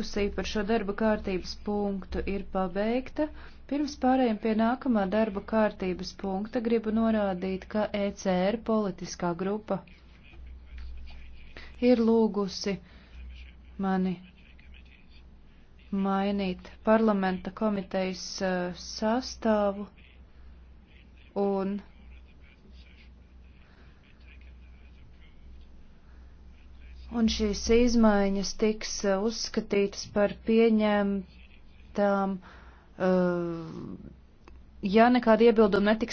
diskusija par šo darba kārtības punktu ir pabeigta. Pirms pārējiem pie nākamā darba kārtības punkta gribu norādīt, ka ECR politiskā grupa ir lūgusi mani mainīt parlamenta komitejas uh, sastāvu un Un šīs izmaiņas tiks uh, uzskatītas par pieņemtām, uh, ja nekāda iebilduma netiks